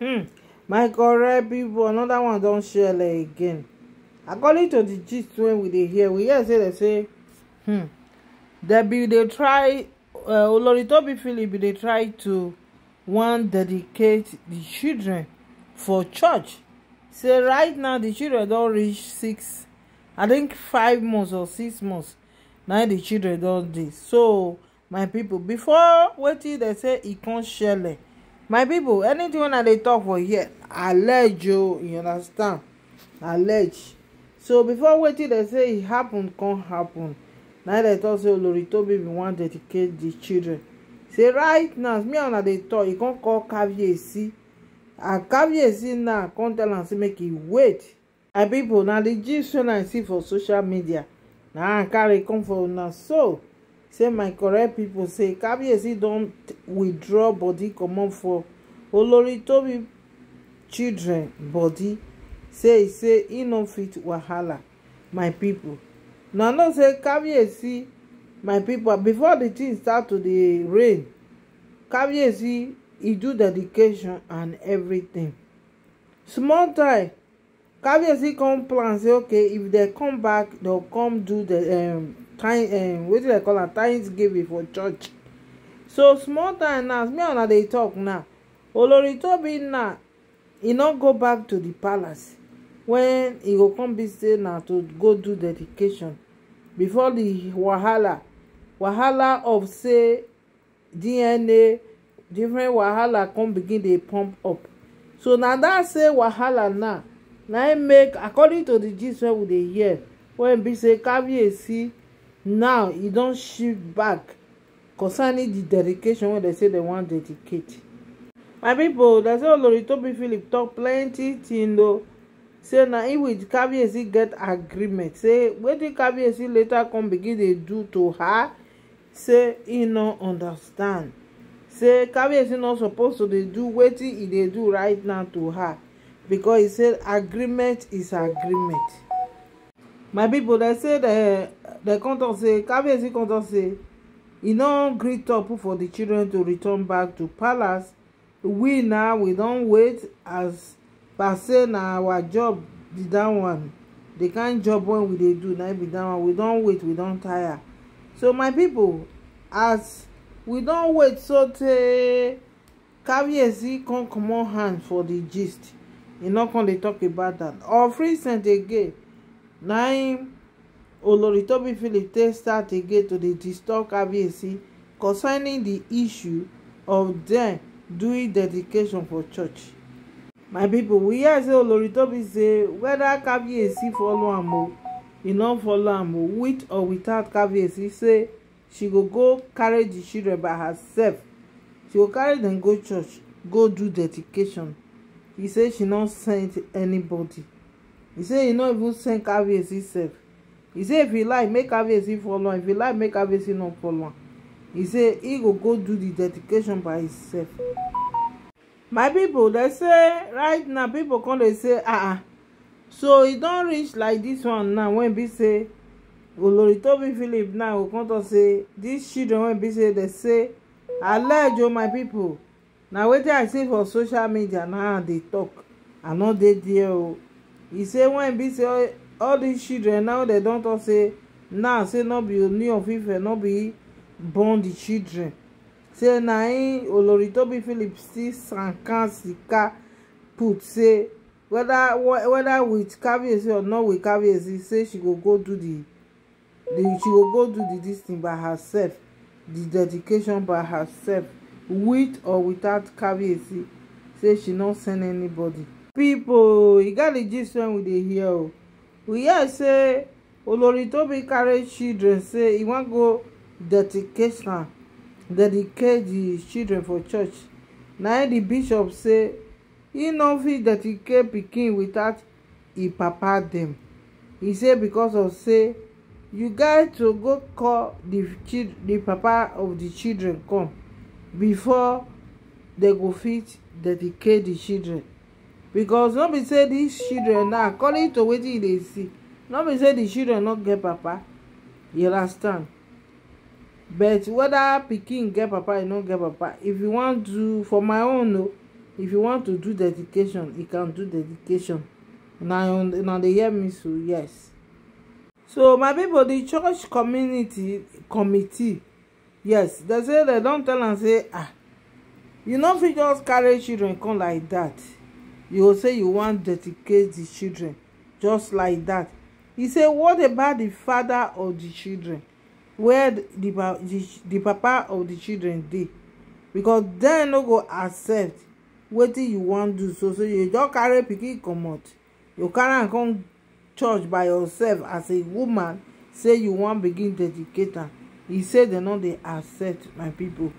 hmm my correct people, another one don't share shele again according to the gist wey we dey hear we hear say they say hmm they be they try Uh, oloritobi philip they try to wan dedicate the children for church say right now the children don't reach six i think five months or six months Now the children don't this. so my people, before wetin they say can't share shele my people, anything wey i dey tok for here allege o oh, you understand allege so before wetin dem say e happen con happen na dem talk say olori tobi bin wan dedicate di children say right now me and una dey talk, e con call caviesi and caviesi now con tell am say make e wait my people na di gist wey i see for social media na i carry come for una so say my correct people say kabiyesi don withdraw body comot for olori tobi children body say say e no fit wahala my people. na know say kabiyesi my people before the tin start to dey rain kabiyesi e do dedication and everything small time kabiyesi come plan say okay if dem come back dem come do the um, kind um, do they call am thanksgiving for church so small time now me and una dey talk now olori tobi na e no go back to the palace when e go come be say na to go do dedication before the wahala wahala of say dna different wahala come begin dey pump up so na that say wahala now na im make according to the gist wey we dey hear wey be say kabiyesi now e don shift back concerning the dedication wey dem say dem wan dedicate my pipo dem say olori oh, tobi philip talk plenty tin o say na im with kabiyesi get agreement say wetin kabiyesi later come begin dey do to her say e no understand say kabiyesi no suppose to dey do wetin e dey do right now to her because he say agreement is agreement my pipo dem say dem They come talk say kabiyesi come talk say e no gree talk for the children to return back to palace we now we don wait as per say na our job be dat one the kind job wey we dey do na be dat one we don wait we don tire so my people, as we don wait so tey kabiyesi come comot hand for the gist e no come dey talk about that. of recent again na im olori tobi philip take start again to dey disturb kabiyesi concerning di issue of dem doing dedication for church my pipo we hear say olori tobi say weda kabiyesi follow am o e no follow am o with or without kabiyesi say she go go carry di children by herself she go carry dem go church go do dedication He say she no send anybody He say he no even send kabiyesi sef He say if e like make avc follow am if e like make avc no follow am e say e go go do the dedication by himself my people they say right now people come they say ah ah so e don't reach like this one now When we say olori tobi philip now go come to say these children when we say they say alejo oh, my people na wetin i say for social media now they talk i know they there oh. He e say when we say oh all dis children now they don't tok say now say no be oni of ife no be born the children say na im eh, oloritobi philip still sankan sika put say whether whether with caviezi or not with caviezi say she go go do the the she go go do the this thing by herself the dedication by herself with or without caviezi say she not send anybody. People, you got the gist when we dey hear o we hear say olori tobi carry children say he wan go dedicate am dedicate di children for church na di bishop say e no fit dedicate pikin without, e papa dem e say because of say you get to go call di papa of di children come before dem go fit dedicate di children because no be say dis children now according to wetin you dey see no be say di children no get papa you understand but whether pikin get papa or e no get papa if you wan do for my own o if you want to do dedication you can do dedication na dey hear me so yes so my people, the church community committee yes they say they don tell am say ah you no fit just carry children come like that you go say you wan dedicate the children just like that he say what about the father of the children where the the, the papa of the children dey because dem no go accept wetin you wan do so so you just carry pikin comot you carry am come church by yourself as a woman say you wan begin dedicate am he say dem no dey accept my pipo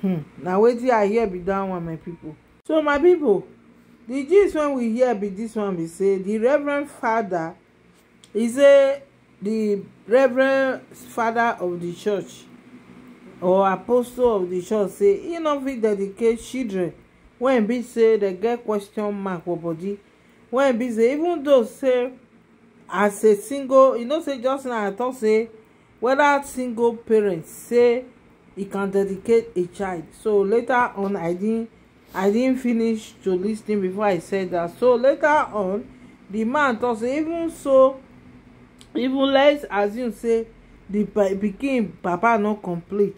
hmm. na wetin i hear be dat one my pipo so my pipo the gist wey we hear be this one be say the reverend father he say the reverend father of the church or apostle of the church say he no fit dedicate children When be say dem get question mark for body when be say even though say as a single you know say just now i talk say whether single parents say he can dedicate a child so later on i didn't i didn't finish to lis before i said that so later on the man talk even so even less as you say the became papa not complete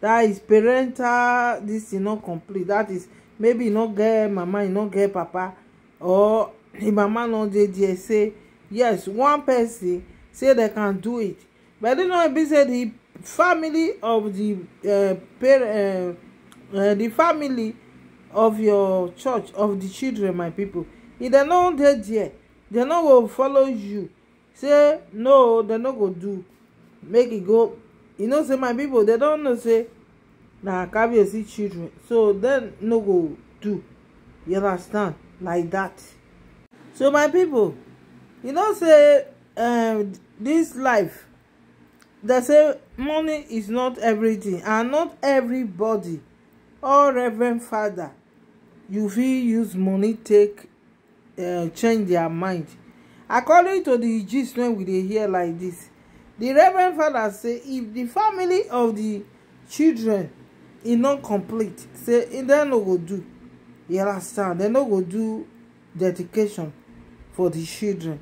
that is parental this is not complete that is maybe not get mama not get papa or the mama not dey there say yes one person say they can do it but e no be say the family of the uh, parent uh, uh, the family of your church of the children my people if dem no dey there dem no go follow you say no dem no go do make e go you know say my people dem don know say na kabiyesi children so dem no go do you understand like that so my people you know say um, this life they say money is not everything and not everybody all reverend father you fit use money take uh, change their mind according to the gist when we dey hear like this the reverend father say if the family of the children e no complete say e dem no go do you understand dem no go do dedication for the children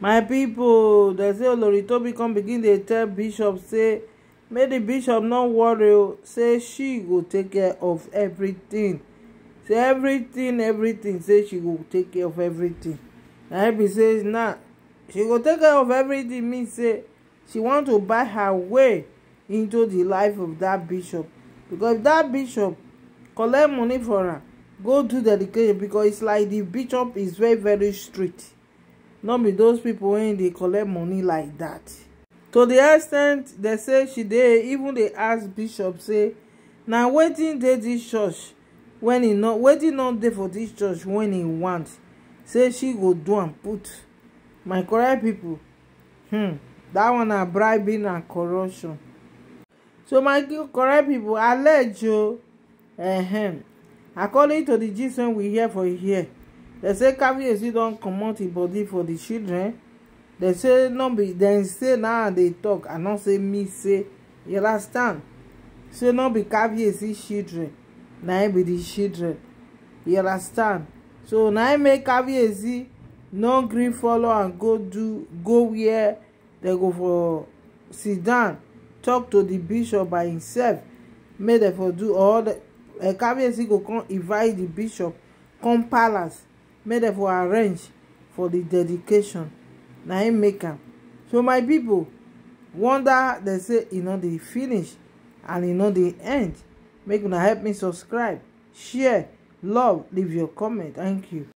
my people, dem say olori tobi come begin dey tell bishop say make the bishop no worry o say she go take care of everything say everything everything say she go take care of everything na be say nah she go take care of everything mean say she want to buy her way into the life of that bishop because if bishop collect money for her go do dedication because its like the bishop is very very strict not be those people when they collect money like that. to the extent they say she did, even they ask bishop say now waiting day this church When he not wetin not dey for this church When he want say she go do am put my correct people. hmm that one na bribing and corruption so my correct people allege o ehem according to the gist wey we hear for here dem say kabiyesi don comot im body for di children dem say no be dem say na i dey tok i no say me say you understand say no be kabiyesi children na im be the children you understand so na im make kabiyesi no gree follow am go do go where dem go for sit down talk to the bishop by himself make dem for do all the uh, eh, kabiyesi go come invite the bishop come palace make dem for arrange for the dedication na im make am so my people, wonder dem say e no dey finish and e no dey end make una help me subscribe share love leave your comment thank you